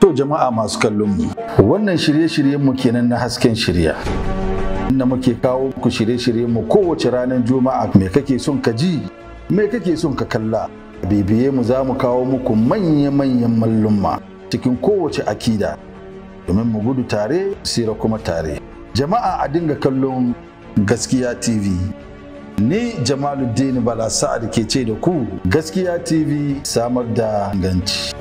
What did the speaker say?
To jama'a masu kallon mu, wannan shirye-shiryen mu kenan na hasken shirya. Inda muke kawo ku shirye-shiryen mu kowace ranar Juma'a me kake son ka ji, me kake son ka kalla. Bibiye mu za mu kawo muku manya-manyan mallumma cikin kowace akida. Domin mu gudu tare, sira kuma tare. Jama'a a dinga kallon Gaskiya TV. ni jamaluddin bala sa'ad ke ce da ku gaskiya tv samar da inganci.